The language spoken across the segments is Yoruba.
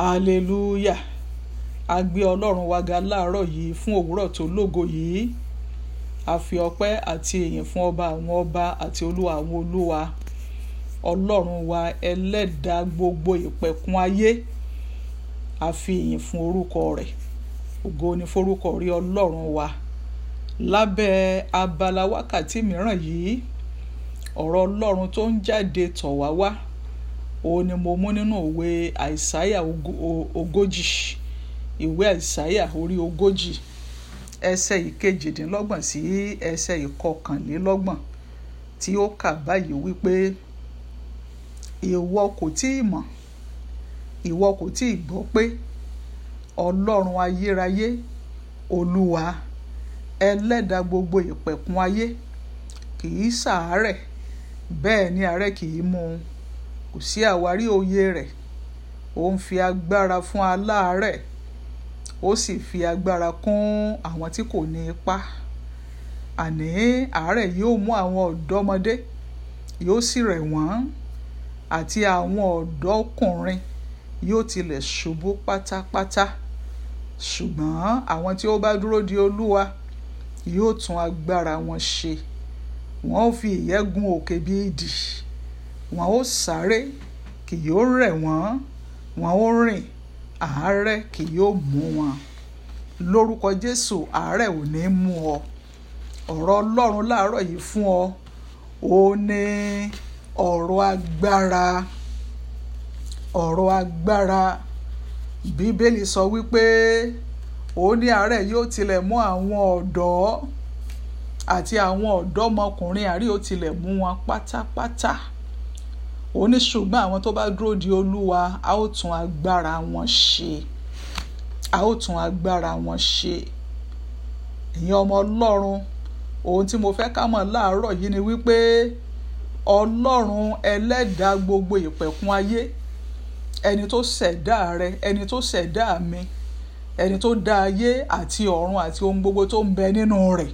hallelujah a gbé ọlọ́run wa ga láàárọ̀ yìí fún òwúrọ̀ tó lógo yìí a fi ọpẹ́ àti èyìn fún ọba àwọn ọba àti olúwa àwọn olúwa ọlọ́run wa ẹlẹ́dàá gbogbo ìpẹ̀kun ayé a fi èyìn fún orúkọ rẹ̀ ògo ni forúkọ rí ọlọ́run wa lábẹ́ abala wákàtí mìíràn yìí ọ̀rọ̀ ọlọ́run tó ń jáde tọ̀ wá wá. Wa òun ni mo mú nínú òwe àìsáyà ogójì ìwé àìsáyà orí ogójì ẹsẹ̀ ìkejìdínlọ́gbọ̀n sí ẹsẹ̀ ìkọkànlélọ́gbọ̀n tí ó kà báyìí wípé ìwọ kò tí ì mọ̀ ìwọ kò tí ì gbọ́ pé ọlọ́run ayérayé olúwa ẹlẹ́dà gbogbo ìpẹ̀kun ayé kì í ṣàárẹ̀ bẹ́ẹ̀ ni àárẹ̀ kì í mú un kò sí àwárí òye rẹ̀ ó ń fi agbára fún aláàárẹ̀ ó sì fi agbára kún àwọn tí kò ní ipá àní àárẹ̀ yóò mú àwọn ọ̀dọ́mọdé yóò sì rẹ̀ wọ́n àti àwọn ọ̀dọ́kùnrin yóò tilẹ̀ ṣubú pátápátá ṣùgbọ́n àwọn tí ó bá dúró di olúwa yóò tún agbára wọn ṣe wọn ó fi ìyẹ́gun òkè bí idì wọn ó sáré kì yóò rẹ̀ wọ́n wọn ó rìn àárẹ̀ kì yóò mú wọn lórúkọ jésù àárẹ̀ ò ní mú ọ ọ̀rọ̀ ọlọ́run láàárọ̀ yìí fún ọ ó ní ọ̀rọ̀ agbára ọ̀rọ̀ agbára bíbélì sọ wípé ó ní àárẹ̀ yóò tilẹ̀ mú àwọn ọ̀dọ́ àti àwọn ọ̀dọ́mọkùnrin àrí ó tilẹ̀ mú wọn pátápátá. Pata ó ní ṣùgbọ́n àwọn tó bá dúró di olúwa a ó tún agbára wọn ṣe a ó tún agbára wọn ṣe ìyẹn ọmọ ọlọ́run ohun tí mo fẹ́ ká mọ̀ láàárọ̀ yìí ni wípé ọlọ́run ẹlẹ́dàá gbogbo ìpẹ̀kun ayé ẹni tó ṣẹ̀dá rẹ ẹni tó ṣẹ̀dá mi ẹni tó dá ayé àti ọ̀run àti ohun gbogbo tó ń bẹ nínú rẹ̀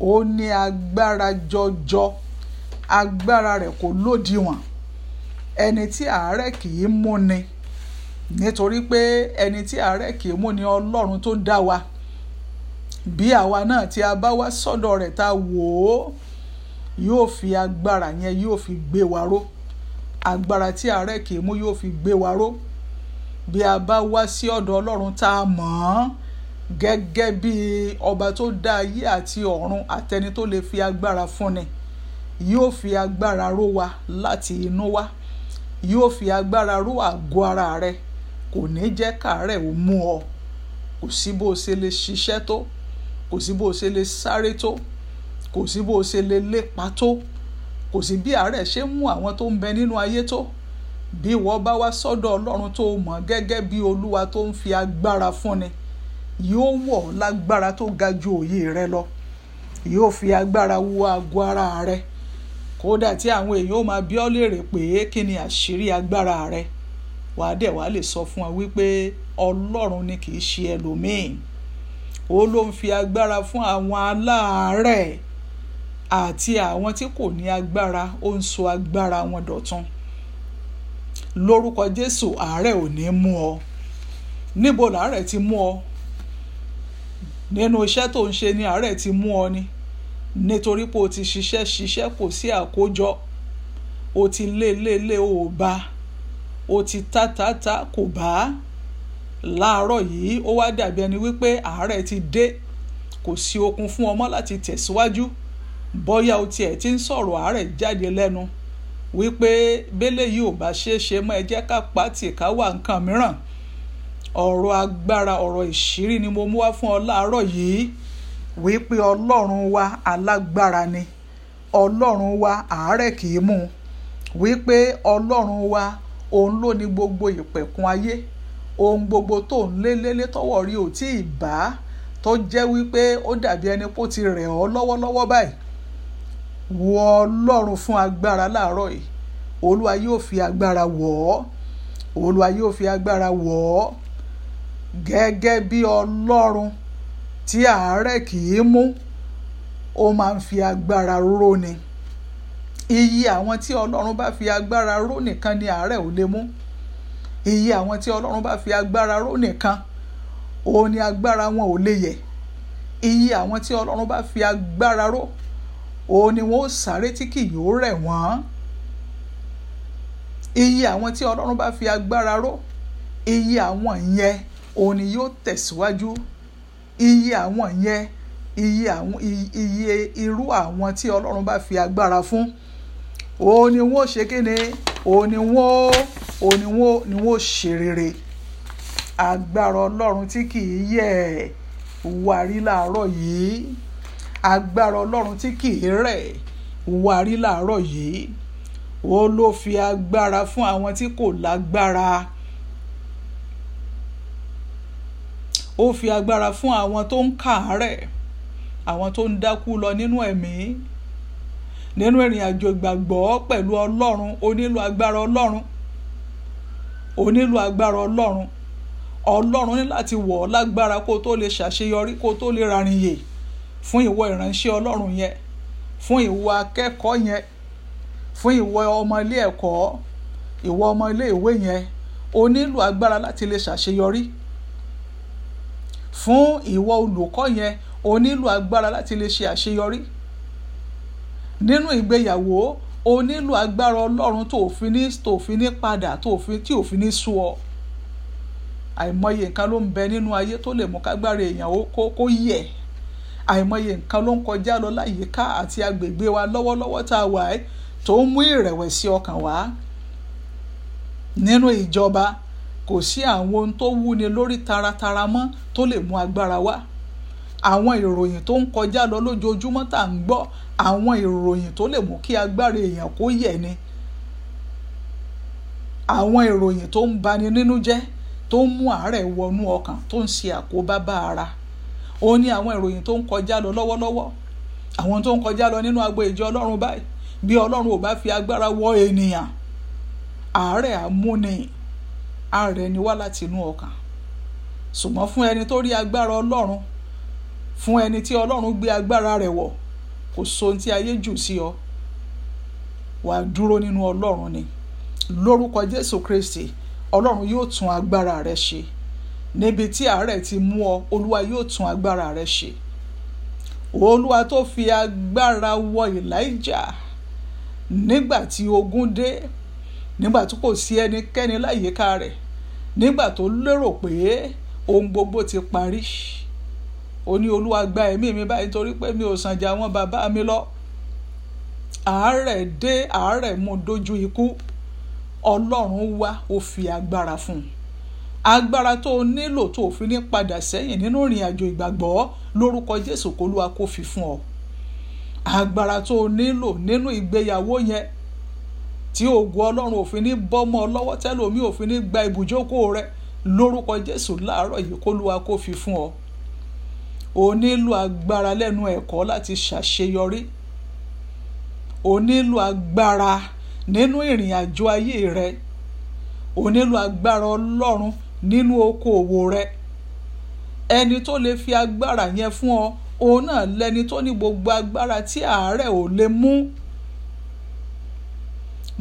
ó ní agbára jọjọ. Jo agbára rẹ̀ kò lódiwọ̀n ẹni tí àárẹ̀ kì í mú ni nítorí pé ẹni tí àárẹ̀ kì í mú ọlọ́run tó dá wa bí àwa náà tí a bá wá sọ́dọ̀ rẹ̀ ta wò ó yóò fi agbára yẹn yóò fi gbé wa ró agbára tí àárẹ̀ kì í mú yóò fi gbé wa ró bí a bá wá sí ọ̀dọ̀ ọlọ́run tá mọ̀ ọ́n gẹ́gẹ́ bí ọba tó dá ayé àti ọ̀run àtẹni tó lè fi agbára fúnni yóò fi agbára ró wa láti inú wá yóò fi agbára ró àgọ́ ara rẹ kò ní jẹ́ káàárẹ̀ ò mú ọ kò sí bó o ṣe lè ṣiṣẹ́ tó kò sí bó o ṣe lè sáré tó kò sí bó o ṣe lè lépa tó kò sí bí àárẹ̀ ṣe mú àwọn tó ń bẹ nínú ayé tó bí ìwọ bá wá sọ́dọ̀ ọlọ́run tó mọ̀ gẹ́gẹ́ bí olúwa tó ń fi agbára fúnni yóò wọ̀ lágbára tó ga ju òye rẹ lọ yóò fi agbára wo àgọ́ ara rẹ kódà tí àwọn èèyàn ó máa bi ọ́ léèrè pé kí ni àṣírí agbára rẹ wàá dẹ̀ wàá lè sọ fún wa wípé ọlọ́run ni kì í ṣe ẹlòmíì ó ló ń fi agbára fún àwọn aláàárẹ̀ àti àwọn tí kò ní agbára ó ń sọ agbára wọn dọ̀tun lórúkọ jésù àárẹ̀ ò ní mú ọ níbo làárẹ̀ ti mú ọ nínú iṣẹ́ tó ń ṣe ni àárẹ̀ ti mú ọ ni nítorí pé o ti ṣiṣẹ́ ṣiṣẹ́ kò sí àkójọ o ti lé lé lé o ò bá o ti tá tá tá kò bá láàárọ̀ yìí ó wá dàbí ẹni wípé àárẹ̀ ti dé kò sí okun fún ọmọ láti tẹ̀síwájú bóyá o tiẹ̀ ti ń sọ̀rọ̀ àárẹ̀ jáde lẹ́nu wípé bẹ́lẹ̀ yìí ò bá ṣeé ṣe mọ́ ẹ jẹ́ ká pàtì ká wà nǹkan mìíràn ọ̀rọ̀ agbára ọ̀rọ̀ ìṣírí ni mo mú wá fún ọ láàárọ̀ yìí wípé ọlọ́run wa alágbára ni ọlọ́run wa àárẹ̀ kìí mú un wípé ọlọ́run wa òun ló ní gbogbo ìpẹ̀kun ayé ohun gbogbo tó ń lé lélé tọ́wọ́ rí ò tí ì bá tó jẹ́ wípé ó dàbí ẹni pó ti rẹ̀ ọ́ lọ́wọ́lọ́wọ́ báyìí wọ ọlọ́run fún agbára láàárọ̀ yìí olúwa yóò fi agbára wọ̀ ọ́ olúwa yóò fi agbára wọ̀ ọ́ gẹ́gẹ́ bí ọlọ́run tí àárẹ̀ kì í mú ó máa ń fi agbára ró ni iyì àwọn tí ọlọ́run bá fi agbára ró nìkan ni àárẹ̀ ò lè mú iyì àwọn tí ọlọ́run bá fi agbára ró nìkan òun ni agbára wọn ò lè yẹ iyì àwọn tí ọlọ́run bá fi agbára ró òun ni wọn ó sáré tí kì yóò rẹ̀ wọ́n iyì àwọn tí ọlọ́run bá fi agbára ró iyì àwọn yẹn òun ni yóò tẹ̀síwájú iye àwọn yẹn iye àwọn iye irú àwọn tí ọlọ́run bá fi agbára fún òun ni wọ́n ṣe kíni òun ni wọ́n òun ni wọ́n ni wọ́n ṣe rere agbára ọlọ́run tí kì í yẹ̀ wà rí làárọ̀ yìí agbára ọlọ́run tí kì í rẹ̀ wà rí làárọ̀ yìí ó ló fi agbára fún àwọn tí kò lágbára. La ó fi agbára fún àwọn tó ń kàárẹ̀ àwọn tó ń dákú lọ nínú ẹ̀mí nínú ìrìn àjò ìgbàgbọ́ pẹ̀lú ọlọ́run ó nílò agbára ọlọ́run ó nílò agbára ọlọ́run ọlọ́run ní láti wọ̀ ọ́ lágbára kó tó lè ṣàṣeyọrí kó tó lè rarìnyè fún ìwọ ìránṣẹ́ ọlọ́run yẹn fún ìwọ akẹ́kọ̀ọ́ yẹn fún ìwọ ọmọ ilé ẹ̀kọ́ ìwọ ọmọ ilé ìwé yẹn ó nílò agbára láti lè ṣàṣeyọrí fún ìwọ olùkọ́ yẹn o nílò agbára láti lè ṣe àṣeyọrí nínú ìgbéyàwó o nílò agbára ọlọ́run tó fi ní tó fi ní padà tó fi tí ò fi ní sú ọ àìmọye nǹkan ló ń bẹ nínú ayé tó lè mú kágbára èèyàn kó kó yẹ àìmọye nǹkan ló ń kọjá lọ láyìíká àti agbègbè wa lọ́wọ́lọ́wọ́ tá a wà tó ń mú ìrẹ̀wẹ̀sì ọkàn wá nínú ìjọba kò sí àwọn ohun tó wúni lórí taratara mọ́ tó lè mú agbára wá àwọn ìròyìn tó ń kọjá lọ lójoojúmọ́ tá à ń gbọ́ àwọn ìròyìn tó lè mú kí agbára èèyàn kó yẹ̀ ni àwọn ìròyìn tó ń bani nínú jẹ́ tó ń mú àárẹ̀ wọnú ọkàn tó ń ṣe àkóbá bá ara òun ni àwọn ìròyìn tó ń kọjá lọ lọ́wọ́lọ́wọ́ àwọn tó ń kọjá lọ nínú agbo ìjọ ọlọ́run báyìí bí ọlọ́run ò bá fi agbára wọ ènìyàn àárẹ̀ àmúni ara ẹni wá láti inú ọkàn ṣùgbọ́n fún ẹni tó rí agbára ọlọ́run fún ẹni tí ọlọ́run gbé agbára rẹ̀ wọ̀ kò so ohun tí ayé jù sí ọ wàá dúró nínú ọlọ́run ni lórúkọ jésù kristi ọlọ́run yóò tún agbára rẹ ṣe níbi tí àárẹ̀ ti mú ọ olúwa yóò tún agbára rẹ ṣe olúwa tó fi agbára wọ elijah nígbà tí ogun dé nígbà tí kò sí ẹnikẹ́ni láyìíká rẹ̀ nígbà tó lérò pé ohun gbogbo ti parí ó ní olúwa gba ẹ̀mí mi báyìí torí pé mi ò sànjà àwọn bàbá mi lọ àárẹ̀ dé àárẹ̀ mú dojú ikú ọlọ́run wá ó fi agbára fún un agbára tó o nílò tó o fi ní padà sẹ́yìn nínú ìrìn àjò ìgbàgbọ́ lórúkọ jésù k'Olúwa kó fi fún ọ agbára tó o nílò nínú ìgbéyàwó yẹn tí ògo ọlọ́run òfin ní bọ́mọ lọ́wọ́ tẹ́lómi òfin ní gba ibùjókòó rẹ lórúkọ jésù láàárọ̀ yìí kó lùwà kó fún ọ o nílò agbára lẹ́nu ẹ̀kọ́ láti ṣàṣeyọrí o nílò agbára nínú ìrìn àjò ayé rẹ o nílò agbára ọlọ́run nínú okòòwò rẹ ẹni tó lè fi agbára yẹn fún ọ òun náà lẹni tó ní gbogbo agbára tí àárẹ̀ ò lè mú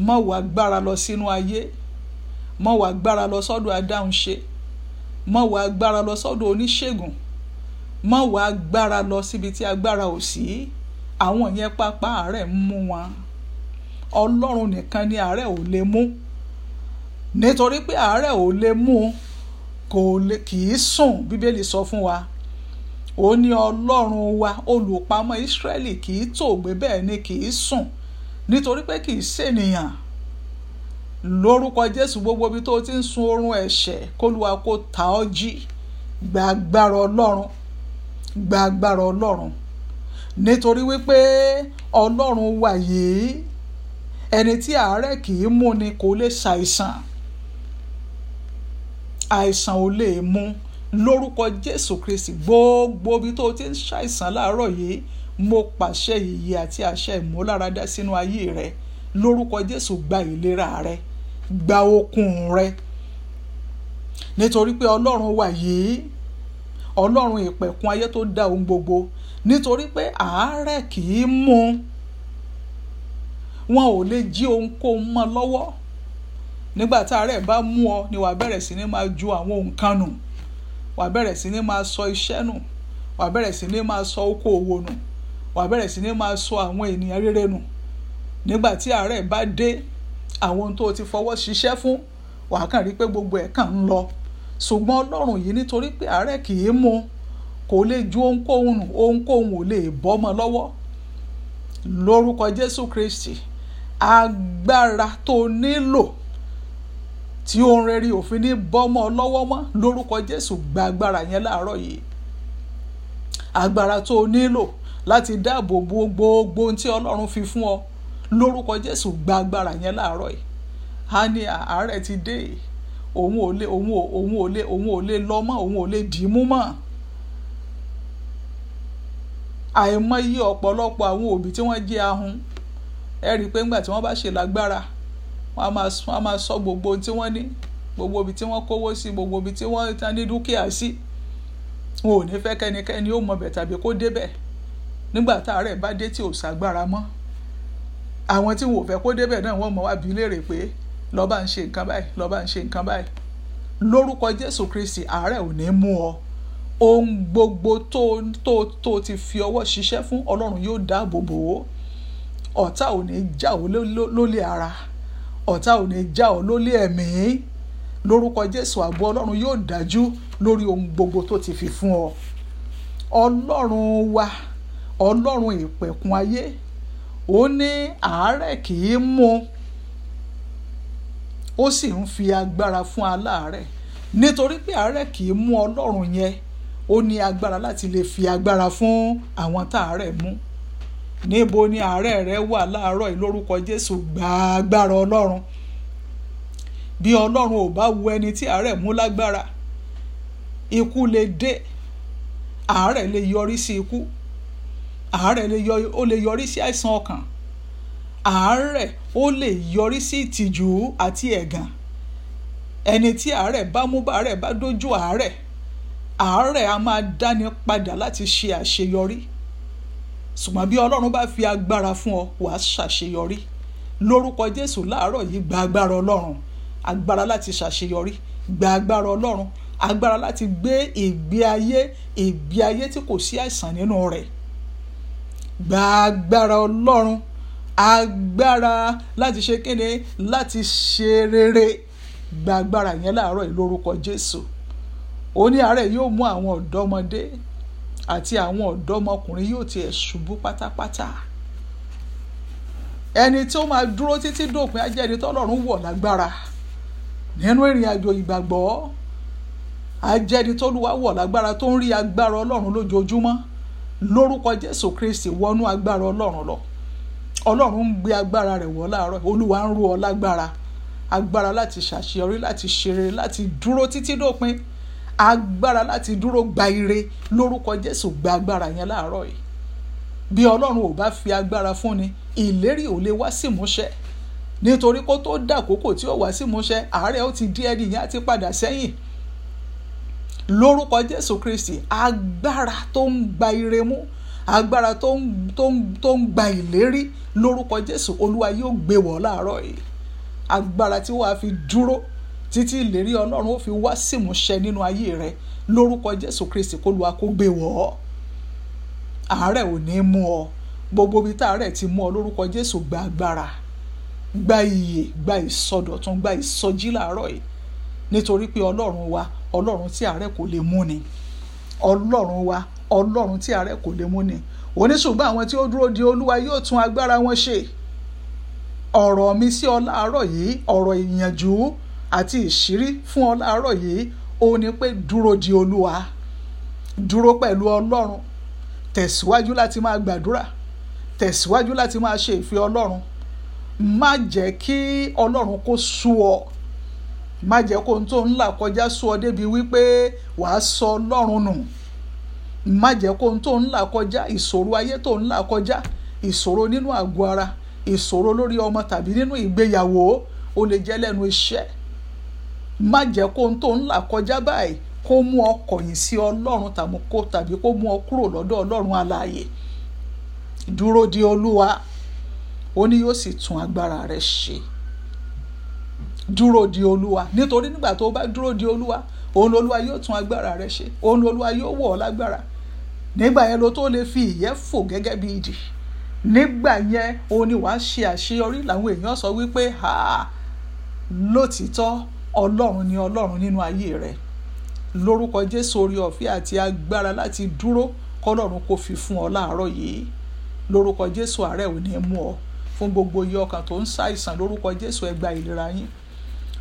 mọ́ wàá gbára lọ sínú ayé mọ́ wàá gbára lọ sọ́dọ̀ adáhunṣe mọ́ wàá gbára lọ sọ́dọ̀ oníṣègùn mọ́ wàá gbára lọ síbi tí agbára ò sí àwọn yẹn pápá àárẹ̀ ń mú wọn ọlọ́run nìkan ni àárẹ̀ ò lè mú nítorí pé àárẹ̀ ò lè mú kò lè kì í sùn bíbélì sọ fún wa ó ní ọlọ́run wa olùpamọ́ ìsírẹ́lì kì í tòògbé bẹ́ẹ̀ ni kì í sùn nítorí pé kì í ṣènìyàn lórúkọ jésù gbogbo ibi tó ti ń sun oorun ẹ̀ṣẹ̀ kólúwa kó ta ọ́ jí gba agbára ọlọ́run gba agbára ọlọ́run nítorí wípé ọlọ́run wà yìí ẹni tí àárẹ̀ kì í mú ni kò lè ṣàìsàn àìsàn ò lè mú lórúkọ jésù kristi gbogbo ibi tó ti ń ṣàìsàn láàárọ̀ yìí mo pàṣẹ ìyè àti àṣẹ ìmúláradá sínú ayé rẹ lórúkọ jésù gba ìlera rẹ gba okun rẹ nítorí pé ọlọ́run wà yìí ọlọ́run ìpẹ̀kun ayé tó dá ohun gbogbo nítorí pé àárẹ̀ kì í mú wọn ò lè jí ohunkóhun mọ́ lọ́wọ́ nígbà tá àárẹ̀ bá mú ọ ni wàá bẹ̀rẹ̀ sí ní máa ju àwọn nǹkan nù wàá bẹ̀rẹ̀ sí ní máa sọ iṣẹ́ nù wàá bẹ̀rẹ̀ sí ní máa sọ okòòwò nù wàá bẹ̀rẹ̀ sí ní máa sọ àwọn ènìyàn rere nù nígbà tí àárẹ̀ bá dé àwọn ohun tó ti fọwọ́ ṣiṣẹ́ fún wàá kàn rí pé gbogbo ẹ̀ kàn ń lọ ṣùgbọ́n ọlọ́run yìí nítorí pé àárẹ̀ kì í mu kò lè ju ohunkóhun nù ohunkóhun ò lè bọ́mọ lọ́wọ́ lórúkọ jésù kristi agbára tó nílò tí ohun rere òfin ní bọ́mọ lọ́wọ́ mọ́ lórúkọ jésù gba agbára yẹn láàárọ̀ yìí agbára tó nílò láti dáàbò bo gbogbo ohun tí ọlọ́run fi fún ọ lórúkọ jésù gba agbára yẹn láàárọ̀ yìí á ní àárẹ̀ ti dé òun ò lè òun ò òun ò lè òun ò lè lọ mọ́ òun ò lè dì í mú mọ́ àìmọye ọ̀pọ̀lọpọ̀ àwọn òbí tí wọ́n jẹ́ ahun ẹ rí i pé ńgbà tí wọ́n bá ṣe lágbára wọ́n á sọ gbogbo ohun tí wọ́n ní gbogbo ibi tí wọ́n kówó sí gbogbo ibi tí wọ́n ní dúkìá sí wọn ò ní fẹ́ kẹ́nikẹ́ni ó mọbẹ̀ tàbí kó débẹ̀ nígbà tá àárẹ̀ bá dé tí ò ságbára mọ́ àwọn tí wọn ò fẹ́ kó débẹ̀ náà wọ́n mọ̀ wá bí léèrè pé lọ́ba ń ṣe nǹkan báyìí lọ́ba ń ṣe nǹkan báyìí lórúkọ Jésù Kristi àárẹ̀ ò ní mú ọ ohun gbogbo tó tó tó ti fi ọwọ́ ṣiṣẹ́ fún Ọlọ́run yóò dáàbò bò ó ọ̀tá ò ní já ọ lólè ara ọ̀tá ò ní já ọ lólè ẹ̀mí lórúkọ Jésù ààbò Ọlọ́run yóò dájú lórí ohun gbogbo tó ti fi fún ọ Ọlọ́run wa ọlọ́run ìpẹ̀kun ayé ó ní àárẹ̀ kì í mú ó sì ń fi agbára fún aláàárẹ̀ nítorí pé àárẹ̀ kì í mú ọlọ́run yẹn ó ní agbára láti lè fi agbára fún àwọn táàárẹ̀ mú níbo ni àárẹ̀ rẹ wà láàárọ̀ yìí lórúkọ Jésù gba agbára ọlọ́run bí ọlọ́run ò bá wu ẹni tí àárẹ̀ mú lágbára ikú lè dé àárẹ̀ lè yọrí sí ikú. Si àárẹ̀ ó lè yọrí sí àìsàn ọkàn àárẹ̀ ó lè yọrí sí ìtìjú àti ẹ̀gàn ẹni tí àárẹ̀ bá mú bàárẹ̀ bá dójú àárẹ̀ àárẹ̀ a máa dáni padà láti ṣe àṣeyọrí ṣùgbọ́n bí ọlọ́run bá fi agbára fún ọ wàá ṣàṣeyọrí lórúkọ jésù láàárọ̀ yìí gba agbára ọlọ́run agbára láti ṣàṣeyọrí gba agbára ọlọ́run agbára láti gbé ìgbé ayé ìgbé ayé tí kò sí àìsàn nínú rẹ̀ gba agbára ọlọ́run agbára láti ṣe kíni láti ṣe rere gba agbára yẹn láàárọ̀ ìlórúkọ jésù ó ní àárẹ̀ yóò mú àwọn ọ̀dọ́mọdé àti àwọn ọ̀dọ́mọkùnrin yóò tiẹ̀ ṣubú pátápátá ẹni tí ó máa dúró títí dòpin á jẹ́ ẹni tọ́lọ́run wọ̀ lágbára nínú ìrìn àjò ìgbàgbọ́ á jẹ́ tọ́lúwa wọ̀ lágbára tó ń rí agbára ọlọ́run lójoojúmọ́ lórúkọ jésù kristi wọnú agbára ọlọ́run lọ ọlọ́run ń gbé agbára rẹ̀ wọ̀ láàárọ̀ olúwa ń rú ọ lágbára agbára láti ṣàṣeyọrí láti ṣeré láti dúró títí dópin agbára láti dúró gba ire lórúkọ jésù gba agbára yẹn láàárọ̀ yìí bí ọlọ́run ò bá fi agbára fúnni ìlérí ò lè wá sí ìmúṣẹ nítorí kó tó dàkókò tí ó wá sí ìmúṣẹ àárẹ̀ ó ti di ẹni á ti padà sẹ́yìn lórúkọ jésù kristi agbára tó ń gba ire mú agbára tó ń tó ń tó ń gba ìlérí lórúkọ jésù olúwa yóò gbé wọ̀ láàárọ̀ yìí agbára tí wàá fi dúró títí ìlérí ọlọ́run ó fi wá símúṣẹ nínú ayé rẹ lórúkọ jésù kristi kó lùwà kó gbé wọ̀ ọ́ àárẹ̀ ò ní mú ọ gbogbo ibi tá àárẹ̀ ti mú ọ lórúkọ jésù gba agbára gba iyè gba ìsọdọ̀tun gba ìsọjí láàárọ̀ yìí nítorí pé ọlọ́run wa ọlọ́run tí àárẹ̀ kò lè mú ni ọlọ́run wa ọlọ́run tí àárẹ̀ kò lè mú ni oníṣùgbọ́n àwọn tí ó dúró de olúwa yóò tún agbára wọn ṣe ọ̀rọ̀ mi sí ọ láàárọ̀ yìí ọ̀rọ̀ ìyànjú àti ìṣírí fún ọ láàárọ̀ yìí ó ní pé dúró de olúwa dúró pẹ̀lú ọlọ́run tẹ̀síwájú láti máa gbàdúrà tẹ̀síwájú láti máa ṣe ìfẹ́ ọlọ́run má jẹ́ kí ọlọ́run kó sú ọ má jẹ́ kó n tó ń là kọjá sọ ọ débi wípé wàá sọ ọlọ́run nù má jẹ́ kó n tó ń là kọjá ìṣòro ayé tó ń là kọjá ìṣòro nínú àgọ́ ara ìṣòro lórí ọmọ tàbí nínú ìgbéyàwó ó lè jẹ́ lẹ́nu iṣẹ́ má jẹ́ kó n tó ń là kọjá báyìí kó mú ọ kọ̀yìn sí ọlọ́run tàbí kó mú ọ kúrò lọ́dọ̀ ọlọ́run alààyè dúró de olúwa ó ní yóò sì tún agbára rẹ ṣe dúró di olúwa nítorí nígbà tó o bá dúró di olúwa òun lolúwa yóò tún agbára rẹ ṣe òun lolúwa yóò wọ̀ ọ́ lágbára nígbà yẹn lo tó lè fi ìyẹ́ fò gẹ́gẹ́ bí idì nígbà yẹn òun ni wàá ṣe àṣeyọrí làwọn èèyàn sọ wípé ha lótìítọ́ ọlọ́run ni ọlọ́run nínú ayé rẹ lórúkọ jésù orí ọ̀fẹ́ àti agbára láti dúró kọlọ́run kò fi fún ọ láàárọ̀ yìí lórúkọ jésù àárẹ̀ ò mú ọ fún gbogbo iye ọkàn tó ń ṣàìsàn lórúkọ jésù ẹ ìlera yín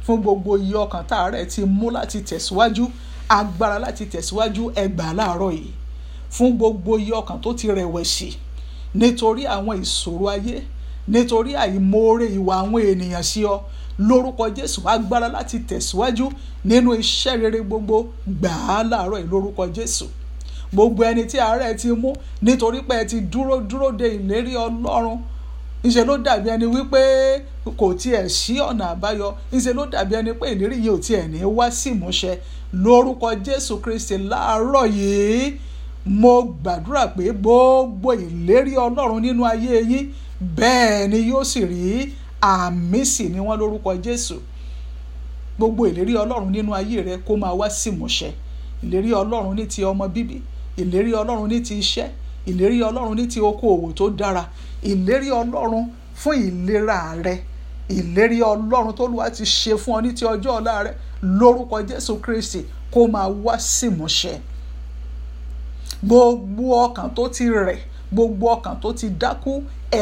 fún gbogbo iye ọkàn tààrẹ ti mú láti tẹ̀síwájú agbára láti tẹ̀síwájú ẹgbàá láàárọ̀ yìí fún gbogbo iye ọkàn tó ti rẹ̀wẹ̀sì nítorí àwọn ìṣòro ayé nítorí àìmoore ìwà àwọn ènìyàn sí ọ lórúkọ jésù agbára láti tẹ̀síwájú nínú iṣẹ́ rere gbogbo gbà á láàárọ̀ yìí lórúkọ jésù gbogbo ẹni tí àárẹ̀ ti mú nítorí pé ẹ ti dúró dúró de ìlérí ọlọ́run ńṣe ló dàbí ẹni wípé kò tiẹ̀ sí ọ̀nà àbáyọ ńṣe ló dàbí ẹni pé ìlérí yìí ò tiẹ̀ ní wá sí ìmúṣẹ lórúkọ Jésù Kristi láàárọ̀ yìí mo gbàdúrà pé gbogbo ìlérí Ọlọ́run nínú ayé yín bẹ́ẹ̀ ni yóò sì rí àmì sì ni wọ́n lórúkọ Jésù gbogbo ìlérí Ọlọ́run nínú ayé rẹ kó máa wá sí ìmúṣẹ ìlérí Ọlọ́run ní ti ọmọ bíbí ìlérí Ọlọ́run ní ti iṣẹ́ ìlérí ọlọ́run ní ti okòòwò tó dára ìlérí ọlọ́run fún ìlera rẹ ìlérí ọlọ́run tó lùwà ti ṣe fún ọ ní ti ọjọ́ ọ̀la rẹ lórúkọ jésù kristi kó máa wá sí ìmúṣẹ gbogbo ọkàn tó ti rẹ̀ gbogbo ọkàn tó ti dákú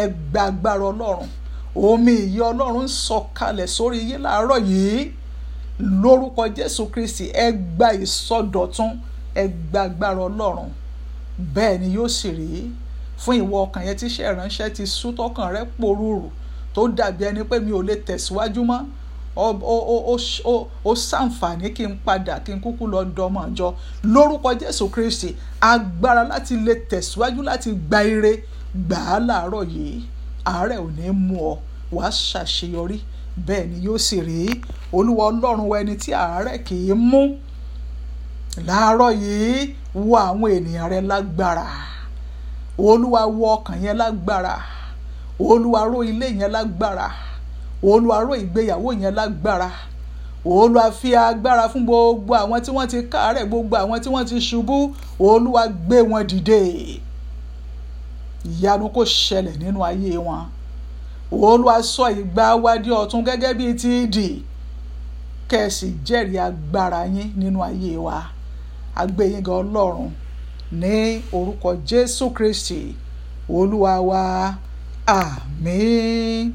ẹgbàgbára ọlọ́run omi ìyè ọlọ́run ń sọ̀kalẹ̀ sórí yín láàárọ̀ yìí lórúkọ jésù kristi ẹ gba ìsọdọ̀tun ẹ gba bẹ́ẹ̀ ni yóò sì rí fún ìwọ ọkàn yẹn tí iṣẹ́ ìránṣẹ́ ti sú tọkàn rẹ porúurù tó dàbí ẹni pé mi ò lè tẹ̀síwájú mọ́ ó ṣàǹfààní kí n padà kí n kúkú lọ dọmọ ọjọ́ lórúkọ Jésù Kristi agbára láti lè tẹ̀síwájú láti gba ire gbà á láàárọ̀ yìí àárẹ̀ ò ní mú ọ wàá ṣàṣeyọrí bẹ́ẹ̀ ni yóò sì rí olúwa ọlọ́run wa ẹni tí àárẹ̀ kì í mú láàárọ̀ yìí wọ àwọn ènìyàn rẹ lágbára olúwa wọ ọkàn yẹn lágbára olúwa ró ilé yẹn lágbára olúwa ró ìgbéyàwó yẹn lágbára olúwa fi agbára fún gbogbo àwọn tí wọ́n ti káàárẹ̀ gbogbo àwọn tí wọ́n ti ṣubú olúwa gbé wọn dìde ìyanu kò ṣẹlẹ̀ nínú ayé wọn olúwa sọ ìgbà wa di ọ̀tun gẹ́gẹ́ bíi ti dì kẹ́ jẹ́rìí agbára yín nínú ayé wa àgbéyìnga ọlọ́run ní orúkọ jésù kristi olúwa wa àmín.